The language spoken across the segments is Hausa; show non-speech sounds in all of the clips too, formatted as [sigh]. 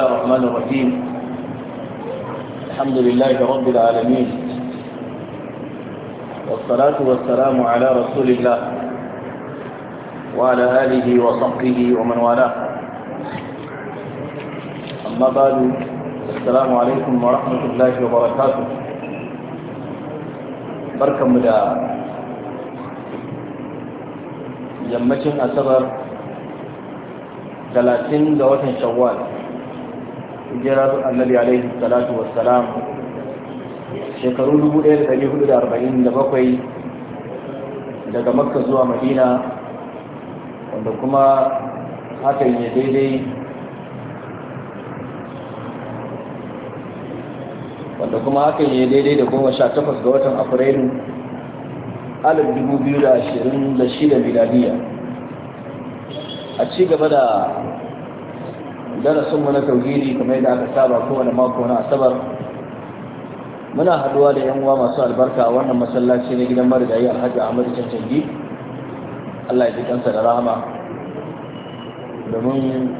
الله الرحمن الرحيم الحمد لله رب العالمين والصلاة والسلام على رسول الله وعلى آله وصحبه ومن والاه أما بعد السلام عليكم ورحمة الله وبركاته بركة مدى يمتن أسبر 30 ga watan shawwal hijirar annabi alaihi salatu wassalam shekaru 1447 daga makka zuwa madina wanda kuma hakan ya daidai wanda kuma hakan ya daidai da goma sha takwas ga watan afrilu alif dubu biyu da ashirin da shida miladiya a ci gaba da darasin mu na tauhidi kamar yadda aka saba kowane mako na asabar muna haduwa da yan uwa masu albarka a wannan masallaci na gidan marigayi alhaji ahmad cancangi allah ya ji kansa da rahama domin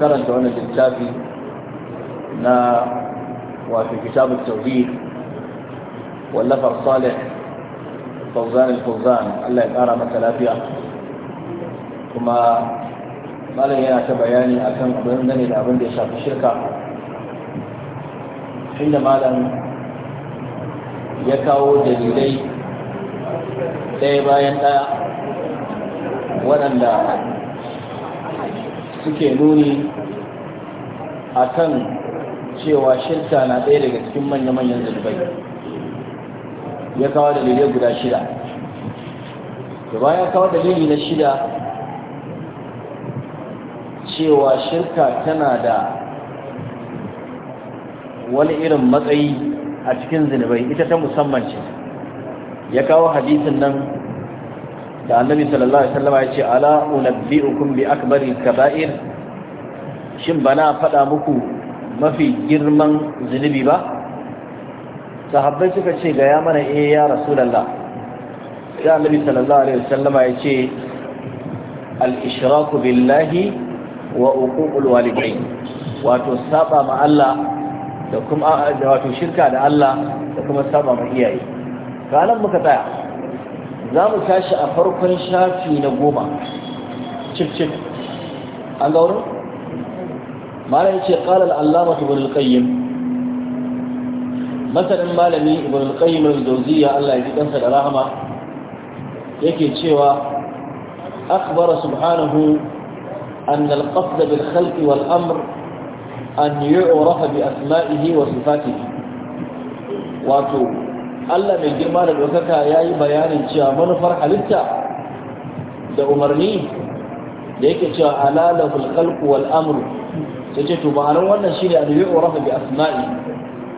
karanta wani littafi na wato kitabun tauhid wallafar salih fauzan al allah ya kara masa lafiya kuma malam yana ta bayani akan abin gane da abin da ya shafi shirka inda malam ya kawo dalilai ɗaya bayan ɗaya waɗanda suke nuni akan cewa shirka na ɗaya daga cikin manya-manyan zunubai ya kawo dalilai guda shida da bayan kawo dalili na shida cewa shirka tana da wani irin matsayi a cikin zinubai ita ta musamman ce ya kawo hadisin nan da annabi sallallahu alaihi wasallam ya ce ala unabbi'ukum bi akbari kaba'ir shin bana faɗa muku mafi girman zunubi ba sahabbai suka ce ga ya mana eh ya rasulullah sai annabi sallallahu alaihi wasallama ya ce al-ishraku billahi wa uququl walidain wato saba ma Allah da kuma da wato shirka da Allah da kuma saba ma iyaye ranar muka tsaya za mu tashi a farkon shafi na goma cif cif an ga wurin mala ya ce ƙalar allama ibn al-qayyim masanin malami ibn al-qayyim al Allah ya ji da rahama yake cewa akbara subhanahu أن القصد بالخلق والأمر أن يعرف بأسمائه وصفاته واتو ألا من جمال الوكاكا ياي بيان انشاء من فرح لتا دا أمرني ديك اتشاء له الخلق والأمر سجدت معنو أن الشيء أن يعرف بأسمائه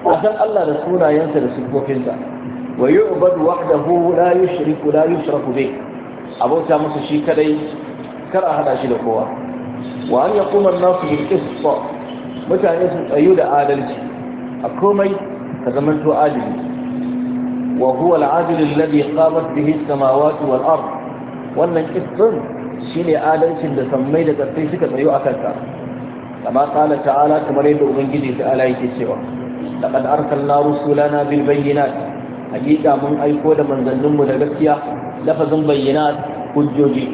أسأل الله رسولا ينسى لسبوك انت ويعبد وحده لا يشرك لا يشرك به أبو سامس الشيء كري كرأ هذا الشيء لقوة wa an yaquma an-nasu bil qist mutane su tsayu da adalci a komai ka zamanto adili wa huwa al-adil alladhi qamat bihi as-samawati wal ard wannan qist shine adalcin da sammai da ƙasai suka tsayo a kansa kama qala ta'ala kamar yadda ubangiji ta ala yake cewa laqad arsalna rusulana bil bayyinat hakika mun aiko da manzanninmu da gaskiya lafazin bayyinat hujjoji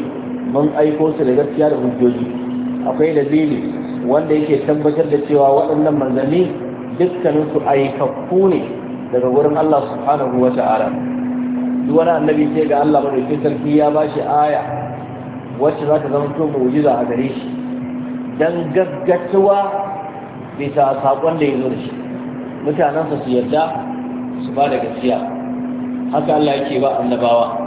mun aiko su da gaskiya da hujjoji akwai dalili wanda yake tabbatar da cewa waɗannan manzanni dukkaninsu aikakku ne daga wurin Allah subhanahu wa ta'ala duk wani annabi sai ga Allah madaukakin sarki ya ba shi aya wacce za ta zama to mu'jiza a gare shi dan gaggatuwa bisa sakon da ya zo shi Mutanen su yarda su ba da gaskiya haka Allah yake ba annabawa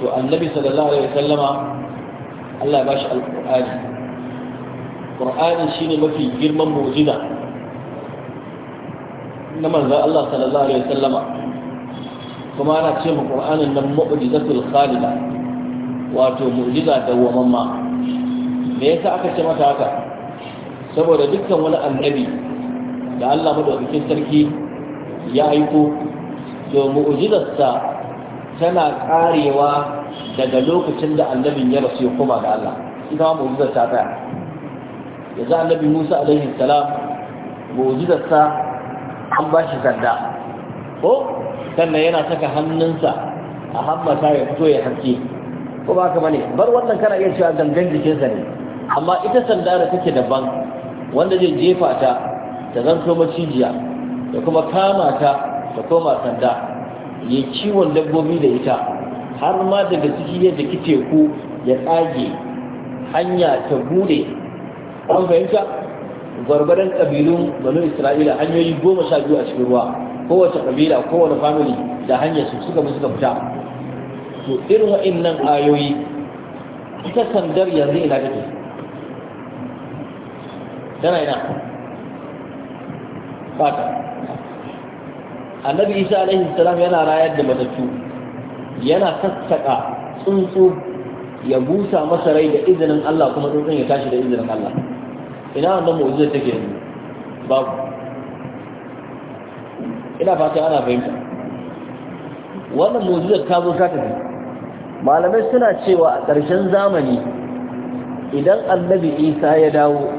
to annabi sallallahu alaihi wasallama Allah ba shi alƙur'ani ƙur'ani shine mafi girman mu'jiza na manzon Allah sallallahu alaihi sallama, kuma ana ce mu ƙur'ani nan mu'jizatul khalida wato mu'jiza dawwamamma me yasa aka ce mata haka saboda dukkan wani annabi da Allah madaukakin sarki ya aiko to mu'jizarsa tana karewa daga lokacin da annabin ya rasu ya koma da Allah ita mu'jizar ta tsaya yanzu annabi Musa alaihi salam mu'jizar sa an ba shi sanda ko sannan yana saka hannunsa a hammata ya fito ya harke ko ba ka bane bar wannan kana iya cewa gangan jikinsa ne amma ita sanda da take daban wanda zai jefa ta ta zanto macijiya da kuma kama ta ta koma sanda ya ciwon dabbobi da ita har ma daga ciki yadda ki teku ya tsage hanya ta bude an fahimta gwargwadon ƙabilun banu isra'ila hanyoyi goma sha biyu a cikin ruwa kowace ƙabila kowane famili da hanyar su suka fi suka fita to irin nan ayoyi ita sandar yanzu ina take tana ina fata annabi isa alaihi salam yana rayar da matattu yana sassaka tsuntsu ya busa masa rai da izinin Allah kuma tsuntsun ya tashi da izinin Allah ina wannan mu'jiza take yanzu babu ina fata ana fahimta wannan mu'jizar ta zo ta tafi malamai suna cewa a ƙarshen zamani idan annabi isa ya dawo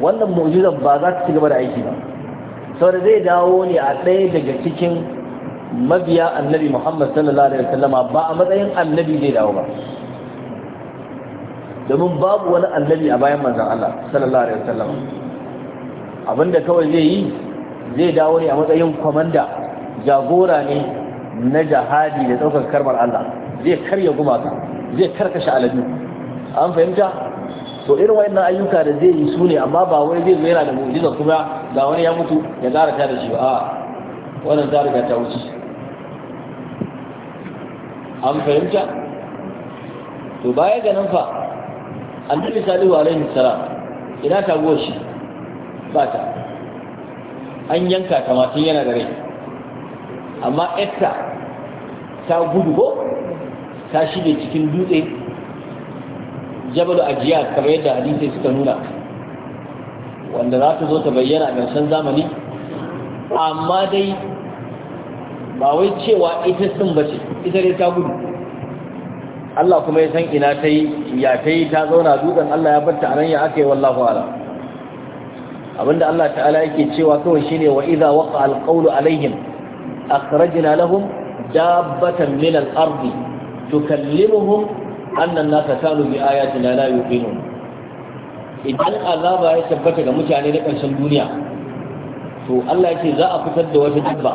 wannan mu'jizar ba za ta ci gaba da aiki ba saboda zai dawo ne a ɗaya daga cikin mabiya annabi muhammad sallallahu alaihi wasallama ba a matsayin annabi zai dawo ba domin babu wani annabi a bayan manzan Allah sallallahu alaihi wasallam abinda kawai zai yi zai dawo ne a matsayin kwamanda jagora ne na jihadi da ɗaukar karmar Allah zai karya gumaka zai karkashe aladu an fahimta to irin wayannan ayyuka da zai yi su ne amma ba wai zai zo yana da mu'jiza kuma ga wani ya mutu ya ƙara ta da shi a wannan ta riga ta wuce an fahimta to baya ga nan fa annabi salihu alaihi salam ina ta go shi ba ta an yanka ta ma tun yana da rai amma etta ta gudu ko ta shige cikin dutse jabal ajiyar kamar yadda hadisai suka nuna wanda za ta zo ta bayyana a ƙarshen zamani amma dai ba wai cewa ita sun bace ita dai ta gudu Allah kuma ya san ina ta yi ya ta yi ta zauna dutsen. Allah ya barta a nan ya aka yi wallahu ala abinda Allah ta'ala yake cewa kawai shine wa iza waqa alqawlu alaihim akhrajna lahum dabbatan min al-ardi tukallimuhum annan nasa kanu bi ayati la yuqinun idan azaba ya tabbata ga mutane na ƙarshen duniya to Allah yake za a fitar da wata dabba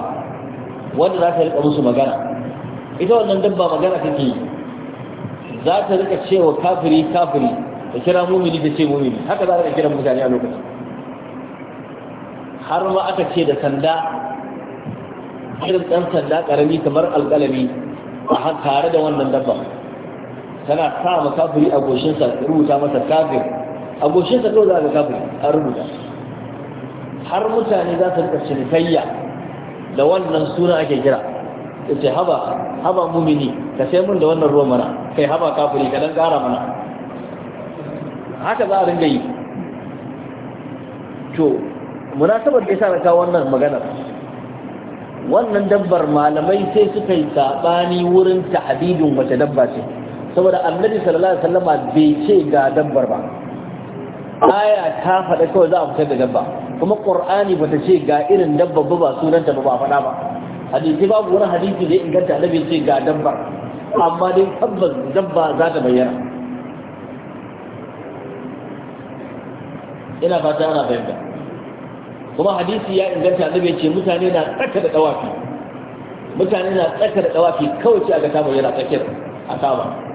wanda za ta riƙa musu magana ita wannan dabba magana take yi za ta riƙa cewa kafiri kafiri ta kira mumini ta ce mumini haka za ta kira mutane a lokacin har ma aka ce da sanda irin ɗan sanda ƙarami kamar alƙalami a tare da wannan dabba tana sa ma kafiri a goshinsa rubuta masa kafir a goshinsa kawai za ga kafiri a rubuta har mutane za su rika cinikayya da wannan suna ake kira ce haba haba mumini ka sai mun da wannan ruwan mana kai haba kafiri ka dan kara mana haka za a ringa yi to munasabar da yasa na kawo wannan maganar wannan dabbar malamai sai suka yi sabani wurin ta'abidin wace dabba ce saboda annabi sallallahu alaihi wasallama bai ce ga dabbar ba aya ta faɗa kawai za a fitar da dabba kuma qur'ani bata ce ga irin dabba ba ba sunanta ba ba faɗa ba hadisi babu wani hadisi da ya inganta annabi ce ga dabbar amma dai tabbas dabba za ta bayyana ina fata ana fahimta kuma hadisi ya inganta annabi ce mutane na tsaka da dawafi mutane na tsaka da dawafi kawai ce aka ta bayyana tsakiyar a kama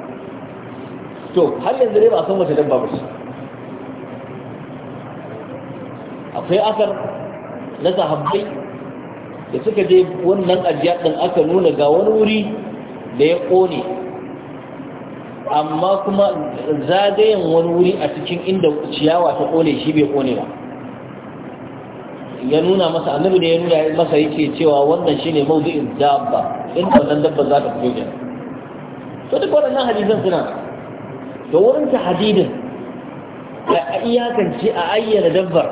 to har yanzu dai ba a san wace dabba ba shi akwai asar na sahabbai da suka je wannan ajiyar din aka nuna ga wani wuri da ya ƙone amma kuma zagayen wani wuri a cikin inda ciyawa ta ƙone shi bai ƙone ba ya nuna masa annabi ne ya nuna masa yake cewa wannan shi shine mawdu'in dabba inda wannan dabba za ta fito kenan to duk waɗannan hadisan suna to wurin tahdidin a iyakance a ayyana dabbar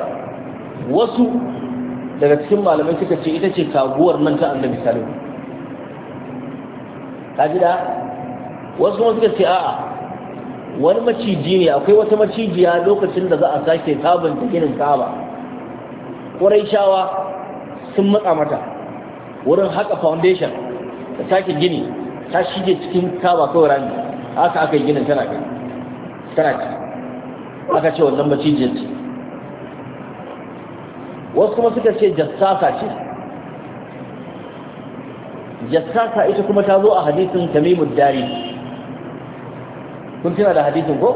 wasu daga cikin malamai suka ce ita ce kaguwar nan ta annabi salihu ka ji da wasu wasu suka ce a'a wani maciji ne akwai wata macijiya lokacin da za a sake sabanta ginin kaba ƙwarai shawa sun matsa mata wurin haka foundation da sake gini ta shige cikin kaba kawai rami haka aka yi ginin tana kai tana ci aka ce wannan macijiyar ce wasu kuma suka ce jassasa ce jassasa ita kuma ta zo a hadisin tamimud dari kun tuna da hadisin ko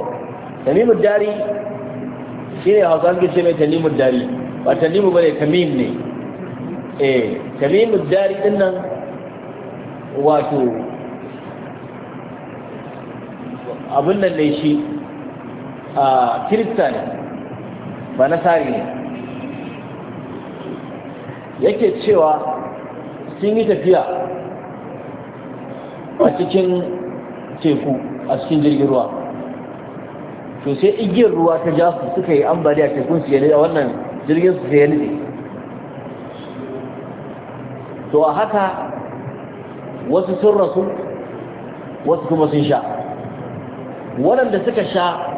tamimud dari shi ne hausa suke ce mai tamimud dari ba tamimu ba ne tamim ne eh tamimud dari din nan wato abin nan ne shi a kirista ne ba ne yake cewa sun yi tafiya a cikin teku a cikin jirgin ruwa to sai igiyar ruwa ta ja su suka yi a tekun su yanzu a wannan jirgin su sai ya to a haka wasu sun rasu wasu kuma sun sha waɗanda suka sha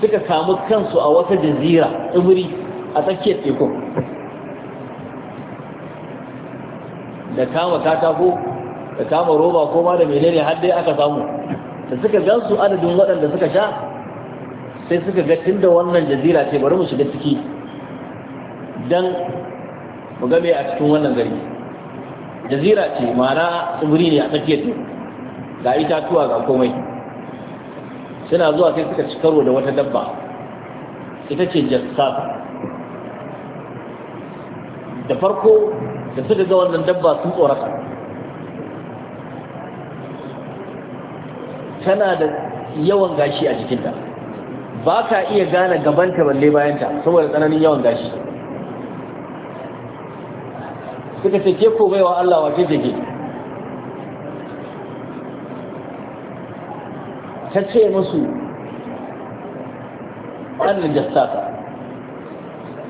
suka samu kansu a wata jazira tsibiri a tsakiyar teku da kama katako da kama roba ko ma da menene har dai aka samu da suka gansu adadin waɗanda suka sha sai suka ga tunda wannan jazira ce bari mu shiga ciki dan mu game a cikin wannan gari jazira ce ma'ana tsibiri ne a tsakiyar teku ga itatuwa ga komai suna zuwa sai suka ci karo da wata dabba ita ce jasafa, da farko da suka ga wannan dabba sun tsorata tana da yawan gashi a jikinta ba ka iya gane gabanta balle bayanta saboda tsananin yawan gashi suka ce ke ko baiwa Allah wace ce ke ta ce musu wannan jassasa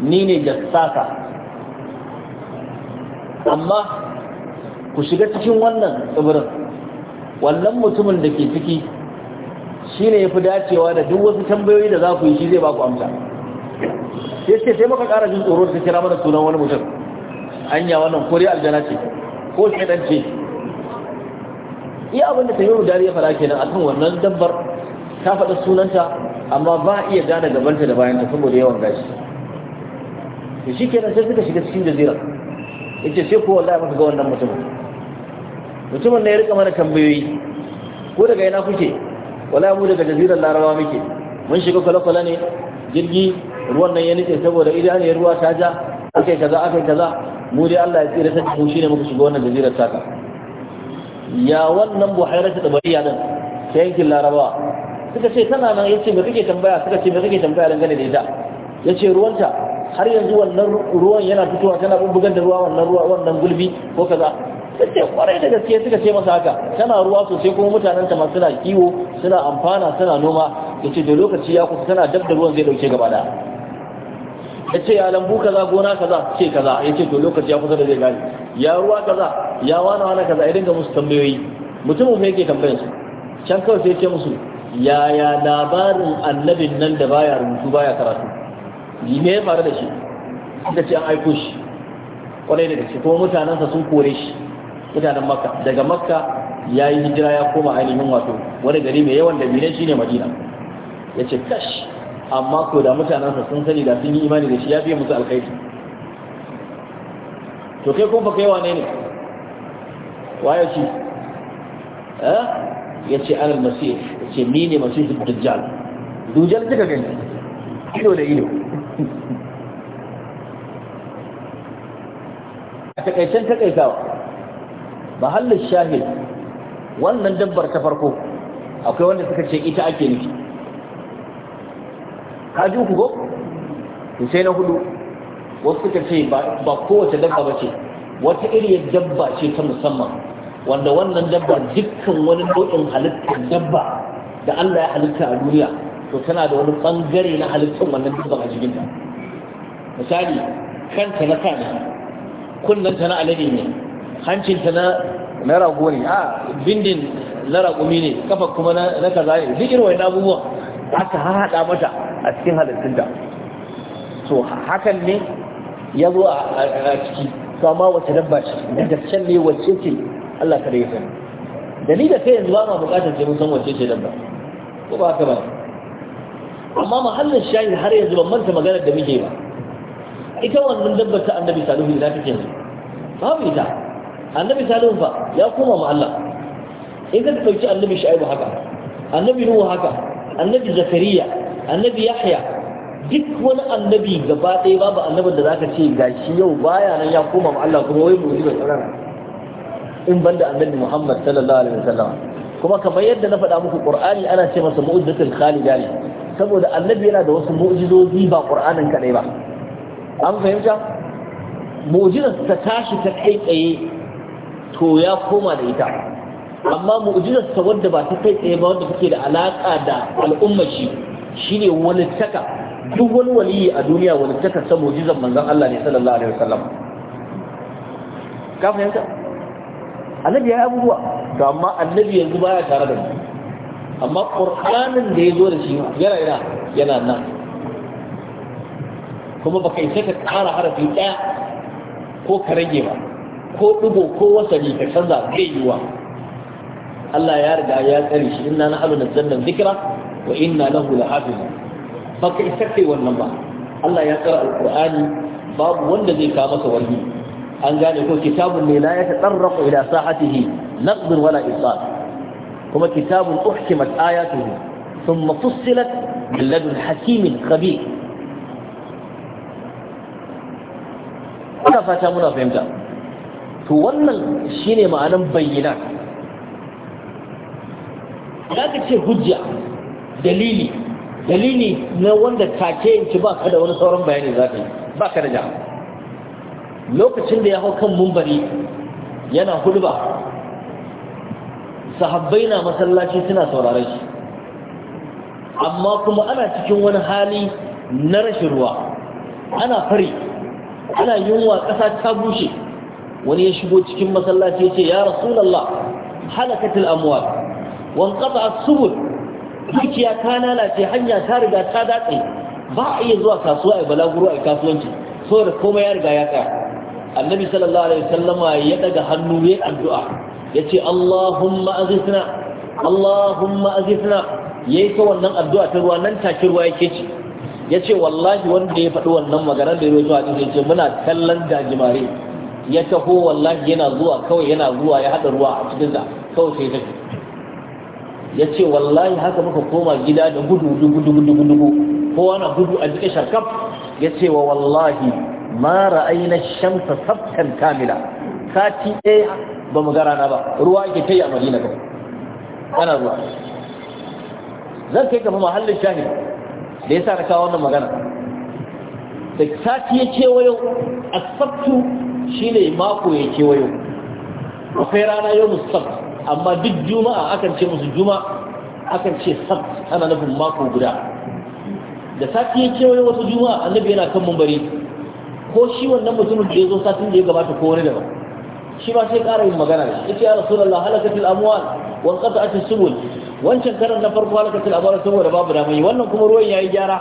ni ne jassasa amma ku shiga cikin wannan tsibirin wannan mutumin da ke ciki shi ne ya fi dacewa da duk wasu tambayoyi da za ku yi shi zai ba ku amsa ya ce sai maka ƙara jin tsoro ta kira mana sunan wani mutum anya wannan kori aljana ce ko shaɗan ce iya abinda da tamimu dari dariya fara kenan akan wannan dabbar ta faɗa sunanta amma ba a iya gane gabanta da bayanta saboda yawan gashi to shi kenan sai suka shiga cikin jazira Ita sai ko wallahi muka ga wannan mutumin mutumin ne ya rika mana tambayoyi ko daga ina kuke wallahi mu daga jazirar larawa muke mun shiga kwale-kwale ne jirgi ruwan nan ya nufe saboda idaniyar ruwa ta ja aka yi kaza aka yi kaza mu dai Allah ya tsira ta cikin shi ne muka shiga wannan jazirar taka ya wannan buhairatu da bariya nan ta yankin larabawa suka ce tana nan yace me kake tambaya suka ce me kake tambaya gane da ita yace ruwanta har yanzu wannan ruwan yana fitowa tana bubbugan da ruwa wannan ruwa wannan gulbi ko kaza sai kwarai da gaske suka ce masa haka tana ruwa sosai kuma mutanen ta ma suna kiwo suna amfana suna noma Ya ce da lokaci ya kusa tana dab da ruwan zai dauke gaba Ya ce ya lambu kaza gona kaza ce kaza Ya ce to lokaci ya kusa da zai gani ya ruwa kaza ya wani wani kaza ya dinga musu tambayoyi mutumin fa yake tambayar su can kawai sai ce musu yaya labarin annabin nan da baya rubutu baya karatu Yi ne faru da shi suka ce an aiko shi kwarai da gaske kuma mutanensa sun kore shi mutanen makka daga makka ya yi hijira ya koma ainihin wato wani gari mai yawan da binan shine madina ya ce kash amma ko da mutanensa sun sani da sun yi imani da shi ya biya musu alkhairi to kai kuma fa kai wane ne waye shi eh yace alal masih yace ni ne masih dajjal dujal daga gani ido da ido a takaicen takaitawa mahallin shahid wannan dabbar ta farko akwai wanda suka ce ita ake nufi kaji uku ko sai na hudu wasu suka ce ba kowace dabba ba ce wata iriyar dabba ce ta musamman wanda wannan dabba dukkan wani nau'in halittar dabba da Allah ya halitta a duniya to tana da wani bangare na halittar wannan dabban a jikinta misali kanta na kana kunnanta na alade ne hancinta na na rago ne a bindin na raƙumi ne kafa kuma na kaza ne duk irin wani abubuwa aka haɗa mata a cikin halittunta to hakan ne ya zo a ciki to amma wace dabba ce da ne wace ce Allah kada ya sani da ni da kai yanzu ba ma bukatar sai mun san wace ce dabba ko ba haka ba amma mahallin shayi har yanzu ban manta maganar da muke ba ita wannan dabbar ta annabi salihu ina take yanzu babu ita annabi salihu fa ya koma ma Allah in ka dauki annabi shu'aibu haka annabi nuhu haka annabi zakariya annabi yahya duk wani annabi gaba ɗaya babu annabin da zaka ce gashi yau baya nan ya koma ma Allah kuma wai mu ji bai tsarara in banda annabi Muhammad sallallahu alaihi wasallam kuma kamar yadda na faɗa muku Qur'ani ana ce masa mu'jizatul khalida ne saboda annabi yana da wasu mu'jizozi ba Qur'anin kadai ba an fahimta mu'jizar ta tashi ta kai tsaye to ya koma da ita amma mu'jizar ta wanda ba ta kai tsaye ba wanda take da alaka da al'ummar shi shine wani taka duk wani waliyi a duniya wani taka sa mu'jizar manzon Allah ne sallallahu alaihi wasallam ka fahimta annabi ya yi abubuwa to amma annabi yanzu baya tare da mu amma ƙur'anin da ya zo da shi yana yana yana nan kuma baka isa ka ƙara harafi ɗaya ko ka rage ba ko ɗigo ko wasali ka canza zai yiwa Allah ya riga ya tsare shi inna na alu nazzalna dhikra wa inna lahu lahafizun baka isa kai wannan ba Allah ya tsara alqur'ani babu wanda zai kawo masa wani an gane ko kitabun ne la ya tatarraqu ila sahatihi naqd wala isal kuma kitabun uhkimat ayatuhu thumma fussilat min ladun hakimin khabir ina fata muna fahimta to wannan shine ma'anan bayyana zaka ce hujja dalili dalili na wanda take ci ba ka da wani sauran bayani za ka yi ba ka da jama'a lokacin da ya hau kan mumbari yana hulba sahabbai na masallaci suna sauraron shi amma kuma ana cikin wani hali na rashin ruwa ana fari ana yunwa ƙasa ta bushe wani ya shigo cikin masallaci ya ce ya rasulallah halakatul amwal wan qata subul dukiya ta ce hanya ta riga ta datse ba a iya zuwa kasuwa ai balaguro ai kasuwanci saboda komai ya riga ya tsaya annabi sallallahu alaihi sallama ya daga hannu ya addu'a yace Allahumma azifna Allahumma azifna yayi ta wannan addu'a ta ruwa nan take ruwa yake ci yace wallahi wanda ya faɗi wannan maganar da yayi zuwa cikin ce muna kallon dajimare ya taho wallahi yana zuwa kawai yana zuwa ya hada ruwa a cikin sa kawai sai take yace wallahi haka muka koma gida da gudu gudu gudu gudu kowa na gudu a jikin sharkaf yace wa wallahi ma ra'ayna shamsa sabtan kamila sati ɗaya ba mu gara na ba ruwa ke kai a madina ba ana ruwa zan kai kafa mahallin shahid da ya sa na kawo wannan magana da sati ya kewayo a sabtu shine mako ya wayo akwai rana yau musabt amma duk juma'a akan ce musu juma'a akan ce sabt ana nufin mako guda da sati ya wayo wata juma'a annabi yana kan mumbari ko shi wannan mutumin da ya zo satin da ya gabata ko wani daban shi ma sai ƙara yin magana da shi ya rasulullah halakatul amwal wa qata'atis subul wancan karan na farko halakatul amwal saboda babu da mai wannan kuma ruwan yayi gyara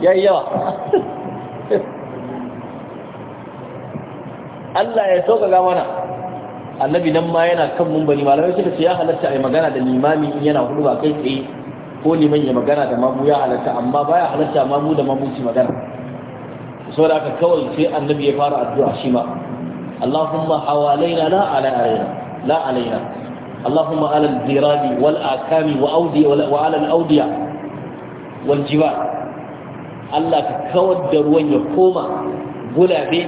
yayi yawa [laughs] Allah ya sauka ga mana annabi nan ma yana kan mumbari malamai suka ce ya halatta a magana da limami in yana hudu ba kai tsaye ko liman ya magana da mamu ya halatta amma baya halatta mamu da mamu magana saboda aka kawai sai annabi ya fara addu'a shi ma Allahumma hawalaina la alaina la alaina Allahumma ala al-diradi wal akami wa awdi wa ala al-awdiya wal jibal Allah ka kawar da ruwan ya koma gulabe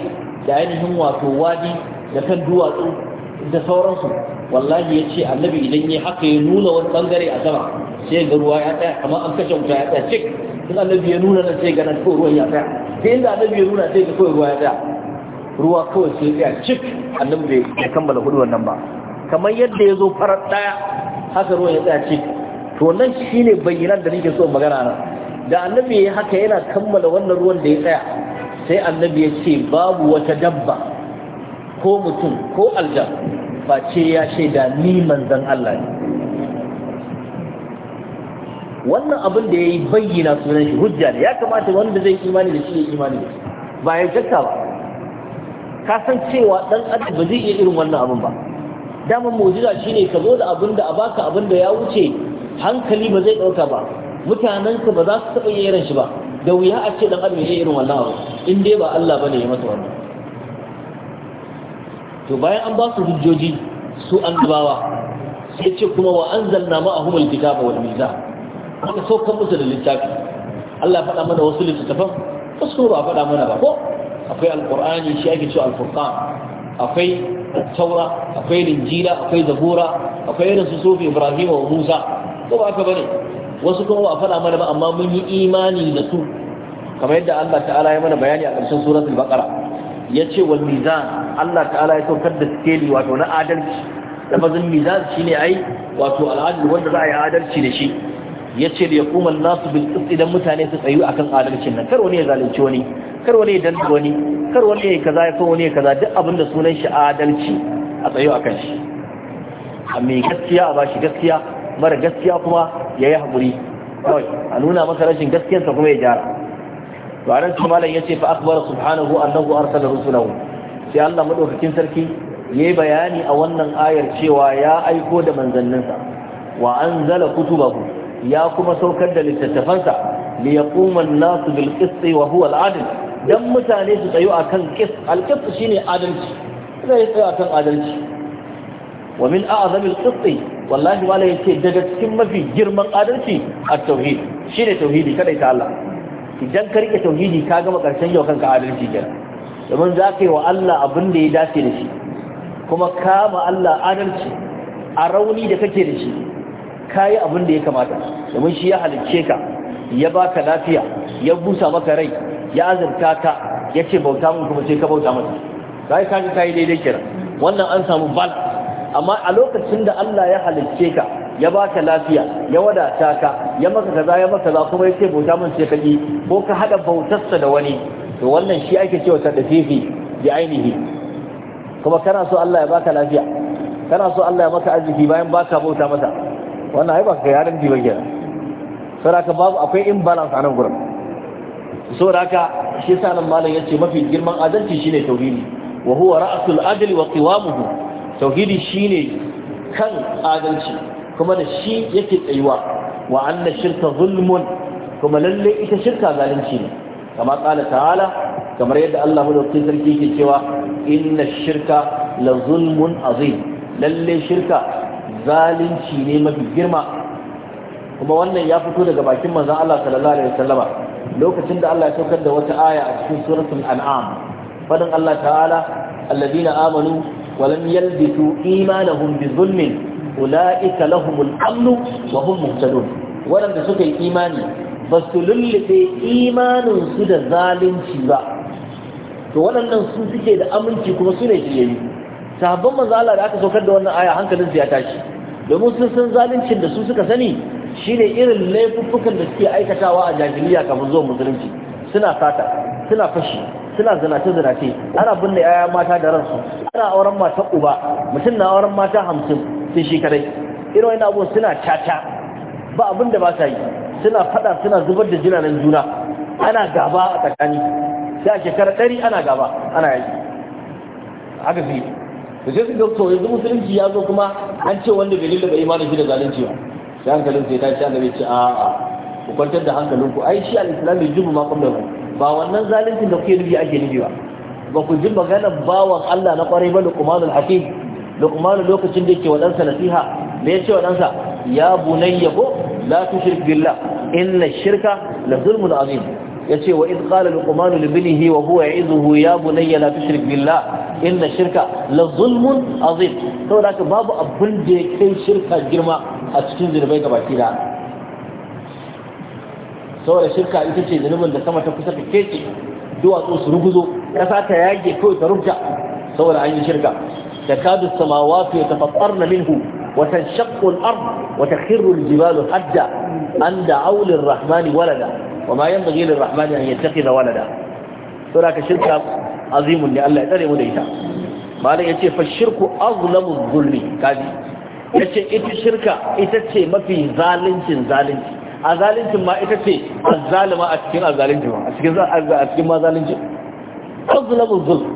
da ainihin wato wadi da kan duwatsu da sauransu wallahi ya ce annabi idan ya haka ya nuna wani bangare a sama sai ga ruwa ya tsaya amma an kashe wuta ya tsaya cik in annabi ya nuna na sai ga kawai ruwan ya tsaya ta inda annabi ya nuna sai ga kawai ruwa ya tsaya ruwa kawai sai ya tsaya cik annabi bai kammala hudu wannan ba kamar yadda ya zo farar daya haka ruwan ya tsaya cik to nan ne bayyanan da nake so magana na, da annabi ya haka yana kammala wannan ruwan da ya tsaya sai annabi ya ce babu wata dabba ko mutum ko aljan ba ce ya shaida ni manzan Allah ne wannan abin da yayi bayyana sunan shi hujja ne ya kamata wanda zai imani da shi ya imani da shi ba ya jakka ba ka san cewa dan adam ba zai iya irin wannan abin ba daman mu'jiza shine ka zo da abin da a baka abin da ya wuce hankali ba zai dauka ba mutanenka ba za su taba yin irin shi ba da wuya a ce dan adam ya irin wannan abin in dai ba Allah bane ya masa wannan to bayan an ba su hujjoji su annabawa sai ce kuma wa anzalna ma'ahumul kitaba wal mizan muka saukan musu da littafi Allah ya faɗa mana wasu littattafan wasu ba faɗa mana ba ko akwai alqur'ani shi ake cewa alfurqan akwai taura akwai linjila akwai zabura akwai irin su sufi ibrahim wa musa ko ba haka bane wasu kuma ba faɗa mana ba amma mun yi imani da su kamar yadda Allah ta'ala ya mana bayani a ƙarshen suratul baqara yace wal mizan Allah ta'ala ya saukar da sikeli wato na adalci lafazin mizan shine ai wato al'adil wanda za a yi adalci da shi ya ce da ya kuma nasu bil idan mutane su tsayu akan adalcin nan kar wani ya zalunci wani kar wani ya danta wani kar wani ya kaza ya wani ya kaza duk abin da sunan shi adalci a tsayu akan shi a mai gaskiya a bashi gaskiya mara gaskiya kuma ya yi haƙuri kawai a nuna masa rashin gaskiyarsa kuma ya gyara to a nan malam ya ce fa akbar subhanahu annahu arsala rusulahu sai Allah madaukakin sarki yayi bayani a wannan ayar cewa ya aiko da manzanninsa wa anzala kutubahu ya kuma saukar da littattafansa li yaquma an-nasu bil qisti wa huwa al-adl dan mutane su tsayu akan qist al-qist shine adalci sai tsayo akan adalci wa min a'zami al-qisti wallahi wala yace daga cikin mafi girman adalci at-tauhid shine tauhidi kada ta Allah idan ka rike tauhidi ka gama karshen yau kanka adalci kenan domin za ka yi wa Allah abin da ya dace da shi kuma kama Allah adalci a rauni da kake da shi kayi abin da ya kamata domin shi ya halicce ka ya baka lafiya ya busa maka rai ya azurta ka ya ce bauta mun kuma sai ka bauta masa sai ka ji daidai kira wannan an samu bal amma a lokacin da Allah ya halicce ka ya baka lafiya ya wadata ka ya maka kaza ya maka kaza kuma ya ce bauta mun sai ka ko ka hada bautarsa da wani to wannan shi ake cewa tadafifi bi ainihi kuma kana so Allah ya baka lafiya kana so Allah ya maka arziki bayan baka bauta masa wannan ai ba ka yaran ji ba kenan saboda babu akwai imbalance a nan gurin saboda haka shi sa nan malam yace mafi girman adalci shine tauhidi wa huwa ajali adli wa qiwamuhu tauhidi shine kan adalci kuma da shi yake tsayuwa wa anna shirka zulmun kuma lalle ita shirka zalunci ne kama kala ta'ala kamar yadda Allah mulkin sarki yake cewa inna shirka la zulmun azim lalle shirka zalunci ne mafi girma kuma wannan ya fito daga bakin manzon Allah sallallahu alaihi wasallama lokacin da Allah ya saukar da wata aya a cikin suratul an'am fadin Allah ta'ala alladina amanu wa lam yalbisu imanahum bi ulaika lahumul amn wa hum muhtadun suka yi imani ba su lullube imanin su da zalunci ba to waɗannan su suke da aminci kuma su ne shiryayyu sahabban manzo Allah da aka saukar da wannan aya hankalin su ya tashi domin sun san zaluncin da su suka sani shine irin laifuffukan da suke aikatawa a jahiliya kafin zuwa musulunci suna sata suna fashi suna zinace-zinace ana binne yaya mata da ransu ana auren mata uba mutum na auren mata hamsin sun shi kadai irin wani abu suna caca ba abin da ba sa yi suna fada suna zubar da jinanen juna ana gaba a tsakani sai a shekarar ɗari ana gaba ana yaki haka da sai su ga yanzu musulunci ya zo kuma an ce wanda bai lullaba imanin shi da zalunci ba sai hankalin sai tashi annabi ce a a ku kwantar da hankalinku ai shi al-islam bai jibu ma kullu ba wannan zaluncin da kuke nufi ake nufi ba ba ku ji magana bawan Allah na kwarai ba Luqmanul Hakim Luqman lokacin da yake wa ɗansa nasiha me ce wa ɗansa ya bunayya ko la tushrik billah inna shirka la zulmun azim yace wa id qala Luqman li ibnihi wa huwa ya'izuhu ya bunayya la tushrik billah inna shirka la zulmun azim saboda haka babu abin da ya kai shirka girma a cikin zunubai gabaki da saboda shirka ita ce zunubin da sama ta kusa ta kece to su ruguzo kasa ta yage ko ta rubta saboda an yi shirka kadu samawati yatafattarna minhu wa wa al-ard al-jibal hadda an da'u lir-rahmani walada wa ma yanbaghi lir-rahmani an yattakhidha walada to da ka shirka azimun ne Allah ya tsare mu da ita malam yace fa shirku azlamu zulmi kaji yace ita shirka ita ce mafi zalincin zalunci a zalincin ma ita ce azzalima a cikin azzalunci ma a cikin a cikin ma zalunci azlamu zulm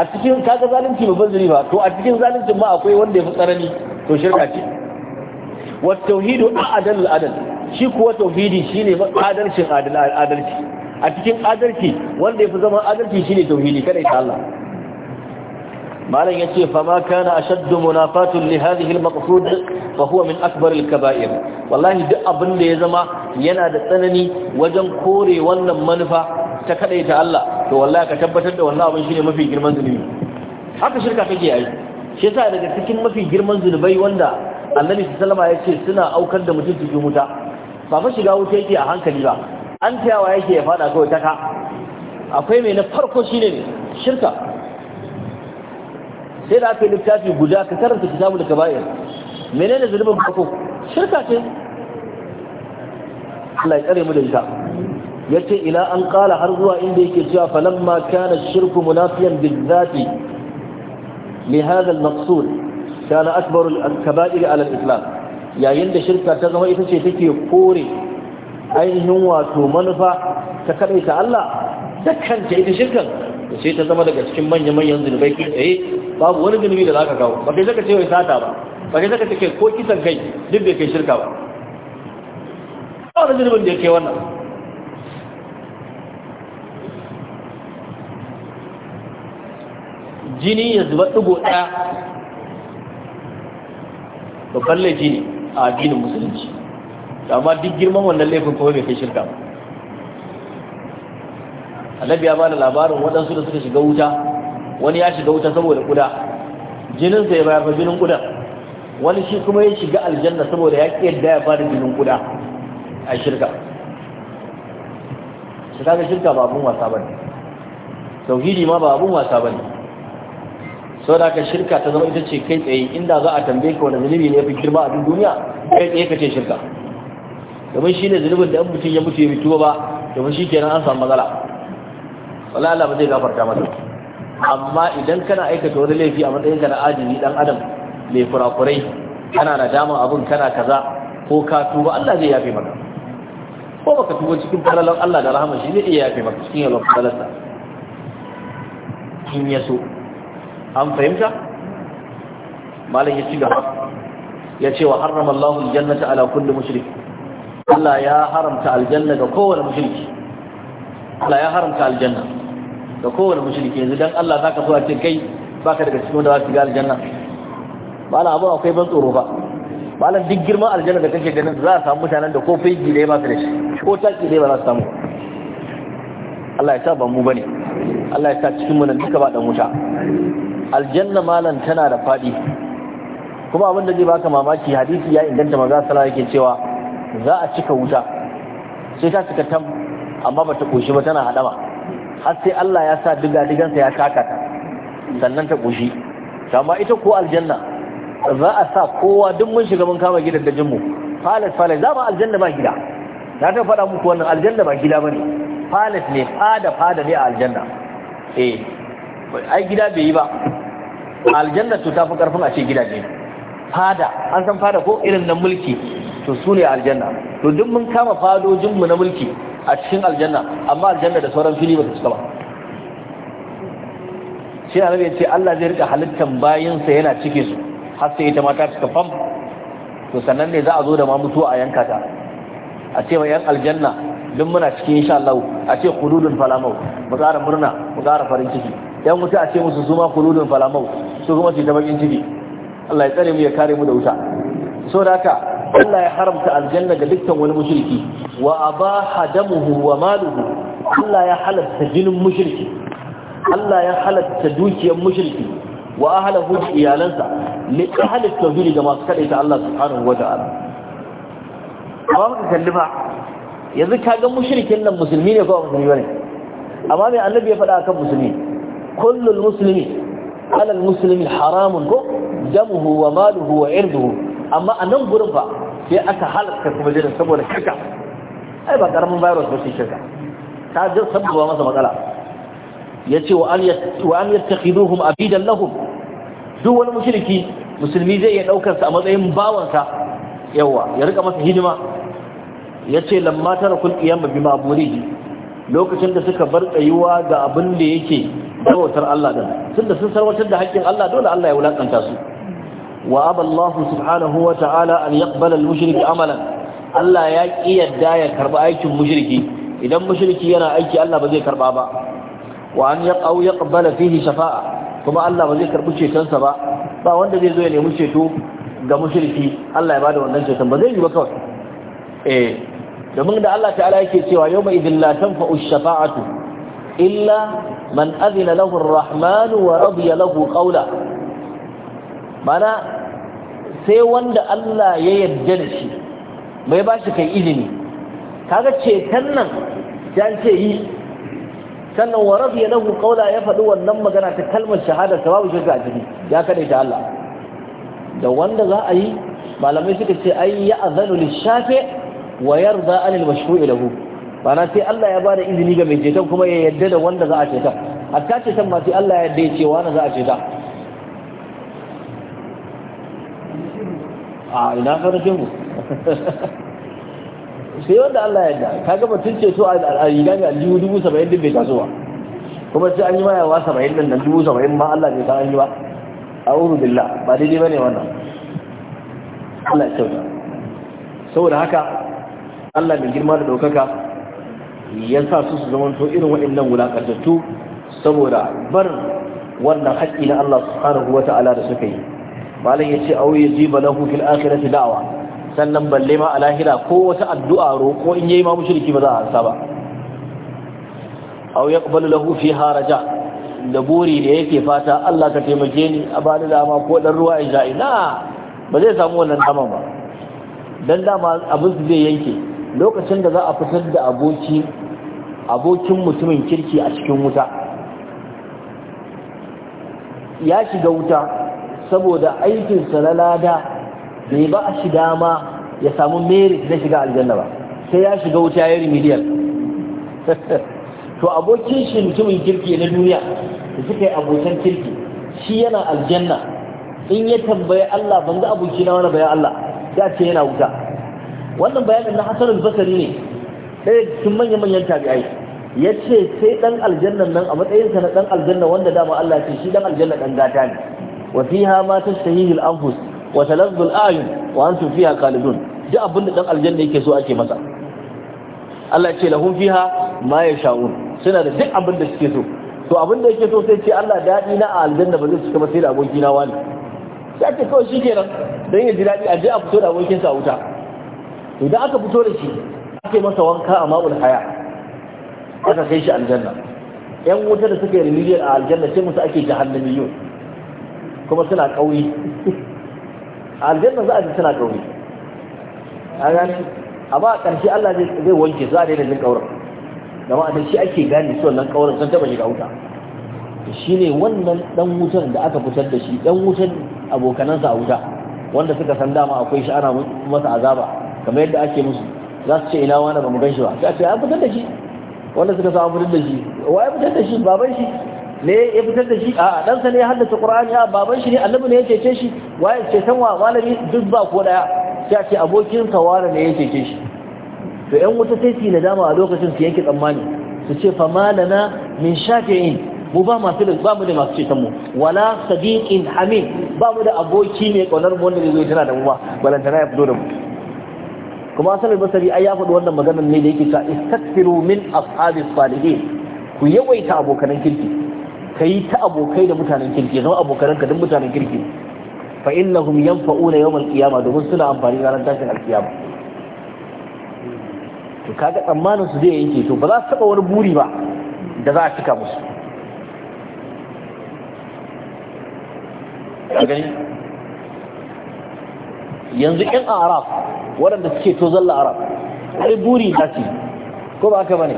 a cikin kaga zalunci ba bazuri ba to a cikin zaluncin ma akwai wanda ya fi tsarani to shirka ce wa tauhidu a'dal al-adl shi kuwa tauhidi shine adalcin adalci a cikin adalci wanda yafi zama adalci shine tauhidi kada ita Allah malam yace fa ma kana ashaddu munafatun li hadhihi al-maqsud fa huwa min akbar al-kaba'ir wallahi duk abin da ya zama yana da tsanani wajen kore wannan manufa ta ita Allah to wallahi ka tabbatar da wannan abin shine mafi girman zunubi haka shirka take yi shi yasa daga cikin mafi girman zunubai wanda Annabi sallallahu alaihi wasallam ya ce suna aukar da mutum cikin wuta ba fa shiga wuta yake a hankali ba an tayawa yake ya fada kawai taka akwai mai na farko shine ne shirka sai da aka yi littafi guda ka karanta kitabu da kaba'ir menene zunubin farko shirka ce Allah ya tsare mu da ita yace ila an qala har zuwa inda yake cewa falamma kana shirku munafiyan bizati li hadha al-maqsud kana akbar al-kaba'ir ala al-islam yayin da shirka ta zama ita ce take kore ainihin wato manufa ta kaɗaita Allah dukkan ta ita shirkan sai ta zama daga cikin manya-manyan zunubai kai tsaye babu wani zunubi da za ka kawo ba kai zaka ce wai sata ba ba kai zaka ce ko kisan kai duk bai kai shirka ba ba wani zunubin da ya wannan jini ya zuba ɗigo ɗaya babban laifi ne a addinin musulunci amma duk girman wannan laifin kuma bai kai shirka ba annabi ya bada labarin waɗansu da suka shiga wuta wani ya shiga wuta saboda kuda jinin sa ya bayar da jinin kuda wani shi kuma ya shiga aljanna saboda ya ƙi yadda ya fara jinin kuda a shirka shirka ga shirka ba abun wasa bane tauhidi ma ba abun wasa bane da haka shirka ta zama ita ce kai tsaye inda za a tambaye ka wani zunubi ne ya fi girma a duk duniya kai tsaye ka ce shirka domin shi ne zunubin da mutum ya mutu ya mutuwa ba domin shi kenan an samu matsala wala Allah ba zai gafarta masa amma idan kana aikata wani laifi a matsayin ka na ajini dan adam mai kurakurai kana nadama abun kana kaza ko ka tuba Allah zai yafe maka ko baka tuba cikin falalan Allah da rahama shi zai iya yafe maka cikin yawan falalansa in ya so an fahimta malam ya ci gaba ya ce wa harrama Allahu aljannata ala kulli mushrik Allah ya haramta aljanna ga kowane mushriki Allah ya haramta aljanna ga kowane mushriki yanzu dan Allah zaka so a ce kai baka daga cikin da za su ga aljanna ba la abu akwai ban tsoro ba malam duk girman aljanna da kake ganin za a samu mutanen da ko fegi ya ba su da shi ko taki ne ba za su samu Allah ya sa ba mu bane Allah ya sa cikin mu nan duka ba dan wuta aljanna malam tana da fadi kuma abin da zai baka mamaki hadisi ya inganta maza sallallahu alaihi wasallam yake cewa za a cika wuta sai ta cika tam amma ba ta koshi ba tana haɗama har sai Allah ya sa diga digansa ya taka ta sannan ta koshi amma ita ko aljanna za a sa kowa duk mun shiga mun kama gidan da jinmu falas falas za ba aljanna ba gida na ta faɗa muku wannan aljanna ba gida bane falas ne fada fada ne a aljanna eh ai gida bai yi ba aljanna to tafi karfin a ce gida ne fada an san fada ko irin nan mulki to su ne aljanna to duk mun kama fadojinmu na mulki a cikin aljanna amma aljanna da sauran fili ba su cika ba shi annabi ya ce Allah zai rika halittar bayansa yana cike su har sai ita mata cika fam to sannan ne za a zo da ma mutuwa a yanka ta a ce wa yan aljanna duk muna cikin insha Allah a ce khuludun falamau mu tsara murna mu tsara farin ciki yan wuta a ce musu ma khuludun falamau su kuma su ta bakin ciki Allah ya tsare mu ya kare mu da wuta so da haka Allah ya haramta aljanna ga dukkan wani mushriki wa abaha damuhu wa maluhu Allah ya halatta jinin mushriki Allah ya halatta dukiyar mushriki wa ahlahu iyalansa li ahli tawhid ga masu kadaita Allah subhanahu wa ta'ala amma muka kalli yanzu kaga mushrikin nan musulmi ne ko ba musulmi bane amma me annabi ya faɗa akan musulmi kullul muslimi ala al muslimi haramun ko damuhu wa maluhu wa irduhu amma a nan gurin fa sai aka halatta kuma jinin saboda shirka ai ba karamin virus ba ce shirka ta jin sabuwa masa matsala ya ce wa an yattakhiduhum abidan lahum duk wani mushriki musulmi zai iya ɗaukarsa sa a matsayin bawansa yawa ya rika masa hidima ya ce lamma tarakul qiyam bi ma'murihi lokacin da suka bar tsayuwa ga abin da yake bautar Allah din tunda sun sarwatar da haƙƙin Allah dole Allah ya wulakanta su وأبى الله سبحانه وتعالى أن يقبل المشرك عملا Allah ya ƙi yadda ya karɓi aikin idan mushriki yana aiki Allah ba zai karba ba wa an yaqau yaqbala fihi shafa'a kuma Allah ba zai karɓi cetonsa ba ba wanda zai zo ya nemi ceto ga mushriki Allah ya bada wannan ceton ba zai yi ba kawai eh domin da Allah ta'ala yake cewa yawma idhil la tanfa'u shafa'atu illa man adina lahu ar-rahmanu wa radiya lahu qawla mana sai wanda Allah ya yarda da shi bai ba shi kai izini kaga ceton nan ya ce yi sannan wa rafiya lahu qawla ya faɗi wannan magana ta kalmar shahada ta babu shirka a ya kade ta Allah da wanda za a yi malamai suka ce ai ya azanu lishafi wa yarda anil mashru'i lahu bana sai Allah ya bada izini ga mai ceton kuma ya yarda da wanda za a ceta hatta ceton ma sai Allah ya yarda ya ce za a ceta a ina farashin mu sai wanda Allah ya yarda ka batun ce to a riga ga dubu dubu saba'in din bai tasowa, kuma sai an yi ma yawa saba'in nan nan dubu saba'in ma Allah bai san yi ba a wuru billah ba daidai bane wannan Allah ya kyauta saboda haka Allah mai girma da ɗaukaka ya sa su su zama to irin waɗannan wulaƙantattu saboda bar wannan haƙƙi na Allah subhanahu wa ta'ala da suka yi malam yace aw yajiba lahu fil akhirati da'wa sannan balle ma a lahira ko wata addu'a roƙo in yayi ma mushriki ba za a ansa ba aw yaqbalu lahu fiha raja da buri da yake fata Allah ka taimake ni a bani dama ko dan ruwa in ja'i na ba zai samu wannan dama ba dan dama abin su zai yanke lokacin da za a fitar da aboki abokin mutumin kirki a cikin wuta ya shiga wuta saboda aikinsa na lada bai ba shi dama ya samu merit na shiga aljanna ba sai ya shiga wuta ya remedial [laughs] to abokin shi mutumin kirki na duniya da suka yi abokan kirki shi yana aljanna in ya tambaye Allah ban ga aboki na wani bayan Allah ya ce yana wuta wannan bayanin na Hassan al ne ɗaya cikin manya-manyan tabi'ai ya ce sai ɗan aljannan nan a matsayinsa na ɗan aljanna wanda dama Allah ce shi ɗan aljanna ɗan gata ne وفيها ما تشتهيه الأنفس وتلذ الأعين وأنتم فيها خالدون جاء بند دان الجنة yake so ake masa Allah ce lahum fiha ma yasha'un suna da duk abin da suke so to abin da yake so sai ce Allah dadi na aljanna ba zai cika ba sai da aboki na wani sai ake kawai shikenan don ya ji daɗi a je a fito da abokin sa wuta idan aka fito da shi ake masa wanka a ma'ul haya aka kai shi aljanna yan wuta da suka yi riliyar a aljanna sai musu ake jahannamiyyun kuma suna ƙauye a aljanna za a ji suna ƙauye a gani amma a ƙarshe Allah zai wanke za a daina jin ƙaurar gama a shi ake gane su wannan ƙaurar sun taɓa shiga wuta shi ne wannan ɗan wutan da aka fitar da shi ɗan wutan abokanansa a wuta wanda suka san dama akwai shi ana masa azaba kamar yadda ake musu za su ce ina wani ba mu gan shi ba sai a ce an fitar da shi wanda suka samu fitar da shi wa ya fitar da shi baban shi ne ya fitar da shi a ɗansa ne ya haddace ƙur'ani a baban shi ne annabi ne ya cece shi waye ceton wa malami duk ba ko daya sai a ce abokin sawara ne ya cece shi to ƴan wuta sai su nadama a lokacin su yanke tsammani su ce fa malana min shafi'in mu ba masu ba mu da masu ceton mu wala sadiqin hamid ba mu da aboki ne kaunar mu wanda zai tana da mu ba balantana ya fito da mu kuma asalin basari ai ya faɗi wannan maganar ne da yake ta istakfiru min ashabis salihin ku yawaita abokanan kirki ka yi ta abokai da mutanen kirki zama abokan ka duk mutanen kirki fa innahum yanfa'una yawmal qiyama domin suna amfani ranar tashin alkiyama to kaga tsammanin su zai yanke to ba za su taba wani buri ba da za a cika musu yanzu yan arab waɗanda suke to zalla arab ai buri da ce, ko ba haka bane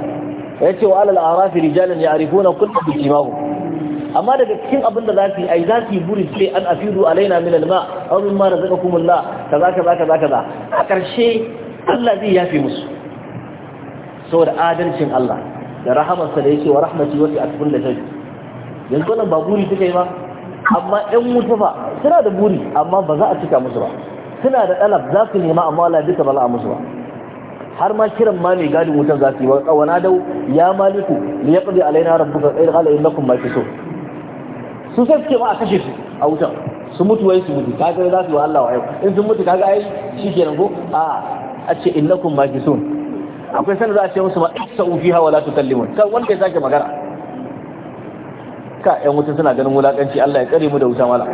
yace wa alal arafi rijalan ya'rifuna kullu bi jimahum amma daga cikin abin da za su yi ai za su yi buri sai an afidu alaina min alma aw mimma razaqakumullah kaza kaza kaza kaza a karshe Allah zai yafe musu saboda adalcin Allah da rahamarsa da yake wa rahmati wasi akbul da tabi yanzu nan ba buri suka yi ba amma ɗan wuta ba suna da buri amma ba za a cika musu ba suna da ɗalab za su nema amma wala duka ba za a musu ba har ma kiran ma mai gadin wutar za su yi wa kawana dau ya maliku ya yaqdi alaina rabbuka qala innakum so. sun sai suke ma a kashe su a wutan su mutu wai su mutu kaga za su yi wa Allah in sun mutu kaga ai nan ko a a ce innakum makisun akwai sanar za a ce musu ma sau fiha wala tukallimun kan wanda ya sake magana ka yan wutan suna ganin wulakanci Allah ya tsare mu da wuta mala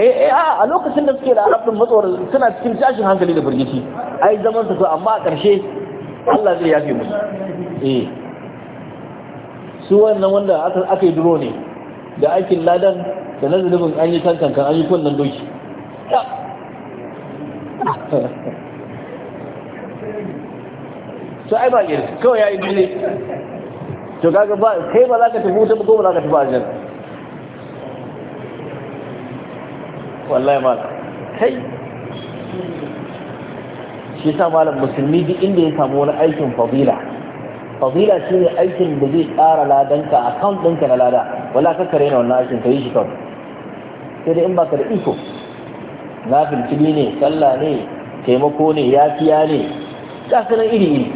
eh eh a lokacin da suke da arabin matsorin suna cikin tashin hankali da firgici ai zaman su amma a ƙarshe Allah zai yafe musu eh su wannan wanda aka yi duro ne da aikin ladan da nazarin zunubin an yi kankan an yi kunnan doki su [laughs] ai ba gari kawai ya yi dole to kaga ba kai ba za ka tafi wuta ko ba za ka tafi ajiyar wallahi ma kai shi sa malam musulmi duk inda ya samu wani aikin fadila fadila ne aikin da zai ƙara ladanka a account ɗinka na lada wala ka kare na wannan aikin ka yi shi kawai sai dai in baka da iko na filfili ne sallah ne taimako ne yafiya ne kasanan iri iri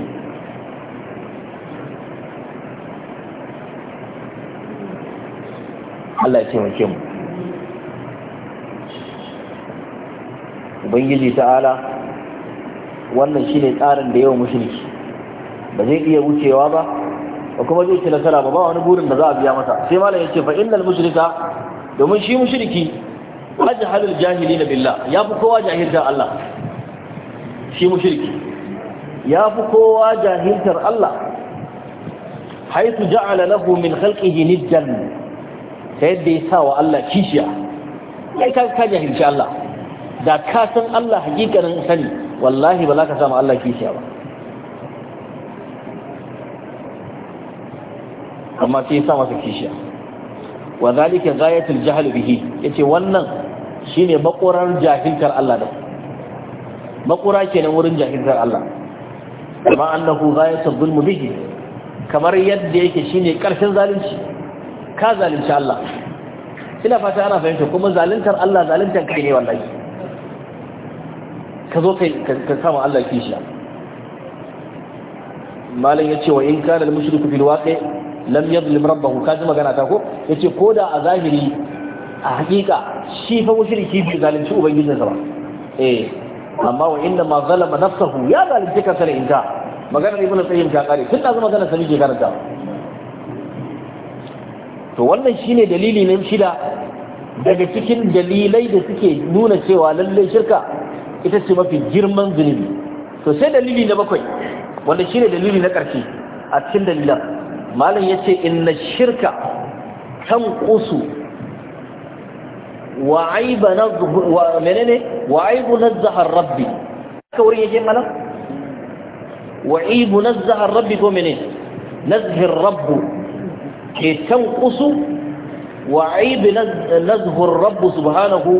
Allah ya taimake mu Ubangiji ta'ala wannan shi ne tsarin da yawan mushriki ba zai iya wucewa ba ba kuma zai ci nasara ba ba wani burin da za a biya masa sai malam yace fa innal mushrika domin shi mushriki ajhalul jahilina billah fi kowa jahiltar Allah shi mushriki fi kowa jahiltar Allah haitu ja'ala lahu min khalqihi niddan ta yadda ya sa wa Allah kishiya kai ka ka jahilci Allah da ka san Allah hakikanin sani wallahi ba za ka samu Allah kishiya ba amma sai ya sa masa kishiya wa zalika ghayatul jahl bihi yace wannan shine makurar jahilkar Allah da makura kenan wurin jahilkar Allah kama annahu ghayatul zulm bihi kamar yadda yake shine karshen zalunci ka zalunci Allah ina fata ana fahimta kuma zaluntar Allah zaluntar kai ne wallahi ka zo kai ka kama Allah kishiya malam yace wa in kana al-mushriku fil waqi' lam yadhlim rabbahu kaji magana ta ko yace ko da a zahiri a hakika shi fa mushriki bai zalunci ubangijinsa ba eh amma wa inna ma zalama nafsuhu ya zalunci kansa da inta maganar ibnu qayyim ta kare tun da magana sai ke karanta to wannan shine dalili na shida daga cikin dalilai da suke nuna cewa lallai shirka ita ce mafi girman zunubi to sai dalili na bakwai wanda shine dalili na ƙarshe a cikin dalilan malam ya ce inna shirka tanqusu wa aiba nadhu wa rabbi ka wurin yake malam wa aibu rabbi ko rabbu ke tanqusu wa na zahar rabbu subhanahu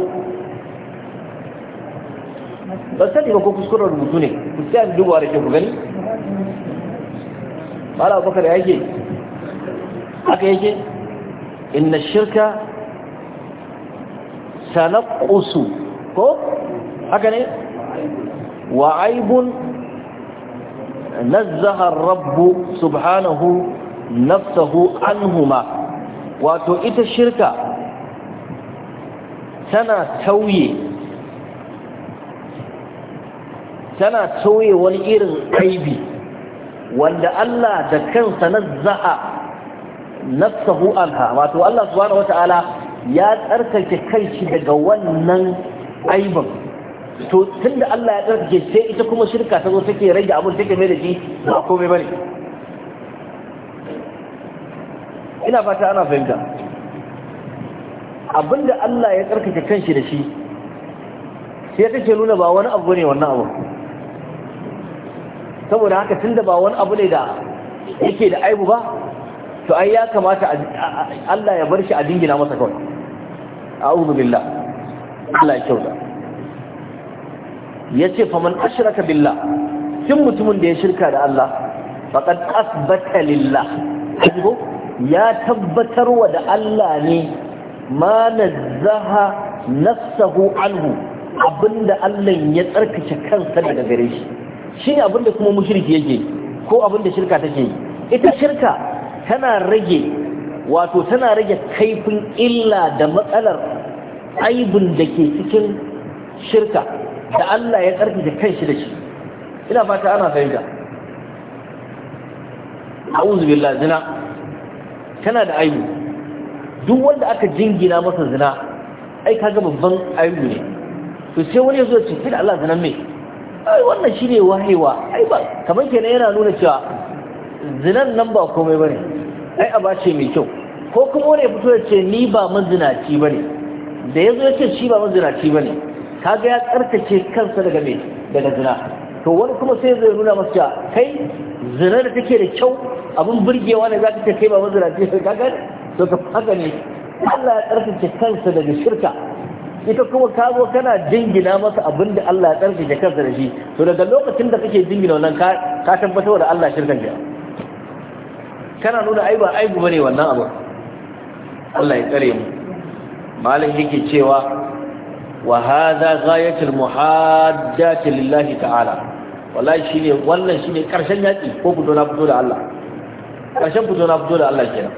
ba sani ba ko kuskuren rubutu ne ku sai an da ke yake haka yake inna shirka sanaqqusu ko haka ne wa aibun nazzaha ar-rabb subhanahu nafsahu anhuma wato ita shirka tana tauye tana tauye wani irin aibi wanda Allah da kansa nazzaha nafsahu anha wato Allah subhanahu wata'ala ya tsarkake kanshi daga wannan aibin to tunda Allah ya tsarkake sai ita kuma shirka ta zo take rage abin take mai da shi ba komai bane ina fata ana fahimta abinda Allah ya tsarkake kanshi da shi sai take nuna ba wani abu ne wannan abu saboda haka tunda ba wani abu ne da yake da aibu ba to ai ya kamata Allah ya bar shi a dingina masa kawai a'udhu billah Allah ya kyauta yace faman ashraka billah kin mutumin da ya shirka da Allah faqad asbata lillah kajibo ya tabbatarwa da Allah ne ma nazzaha nafsahu anhu abinda Allah ya tsarkake kansa daga gare shi shine abinda kuma mushriki yake ko abinda shirka take yi ita shirka tana rage wato tana rage kaifin illa da matsalar aibin da ke cikin shirka da Allah ya da kanshi da shi ina fata ana fahimta a'udhu billahi zina tana da aibu duk wanda aka jingina masa zina ai kaga babban aibu ne to sai wani yazo ce fil Allah zina me ai wannan shine wahewa ai ba kamar kenan yana nuna cewa zinan nan ba komai bane ai ba ce mai kyau ko kuma wani ya fito ya ce ni ba mazinaci ba ne da ya zo ya ce shi ba mazinaci ba ne kaga ya tsarkace kansa daga mai daga zina to wani kuma sai zai nuna masa kai zina da take da kyau abin burgewa ne za ka ce kai ba mazinaci ba kaga to ka faga ne Allah ya tsarkace kansa daga shirka ita kuma ka zo kana jingina masa abin da Allah ya tsarkace kansa da shi to daga lokacin da kake jingina wannan ka tabbatar da Allah shirkan ka kana nuna ai ba aibu bane wannan abu Allah ya tsare mu malam yake cewa wa hadha ghayatul muhaddati lillahi ta'ala wallahi shine wannan shine karshen yaki ko fito na fito da Allah karshen fito na fito da Allah kenan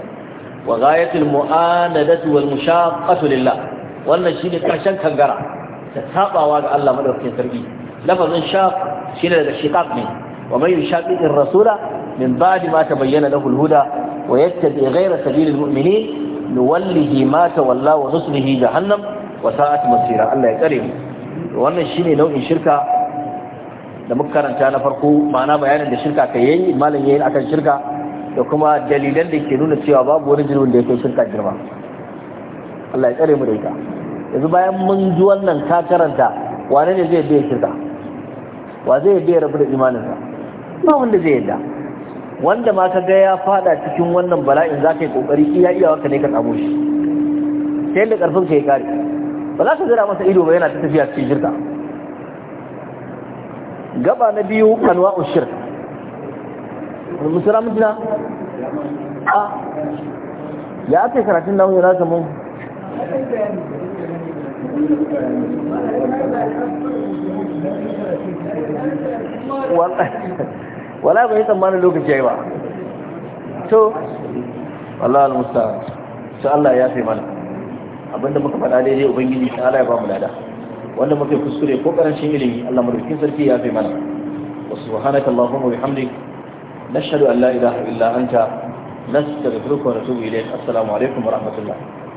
wa ghayatul mu'anadati wal mushaqqatu lillah wannan shine karshen kangara da sabawa ga Allah madaukakin sarki lafazin shaq shine daga shiqaq ne wa man yushaqiqir rasula min ba'di ma tabayyana lahu al-huda wa yattabi ghayra sabilil mu'minin nuwallihi ma tawalla wa nuslihi jahannam wa sa'at masira Allah ya tsare mu wannan shine nau'in shirka da muka karanta na farko ma'ana bayanin da shirka kai yayi malam yayi akan shirka da kuma dalilan da ke nuna cewa babu wani jirgin da ya kai shirka girma Allah ya tsare mu da ita yanzu bayan mun ji wannan ka karanta wane ne zai biya shirka wa zai biya da imaninsa ba wanda zai yadda wanda ma ka ga ya fada cikin wannan bala'in za ka yi kokari iya iya ka ne ka tsamo shi sai da karfin ka ya kare ba za ka zira masa ido ba yana ta tafiya cikin jirka gaba na biyu kanwa ushir musura jina a ya ake karatun nahu yana samu wallahi wala yi tsammanin lokaci yi ba to al-musta sai Allah ya fi mana abinda muka faɗa daidai ubangiji sai Allah ya ba mu lada wanda muka kuskure ko karancin ilimi Allah madarkin sarki ya fi mana wa subhanaka allahumma wa bihamdik nashhadu an la ilaha illa anta nastaghfiruka wa natubu ilayk assalamu alaikum wa rahmatullah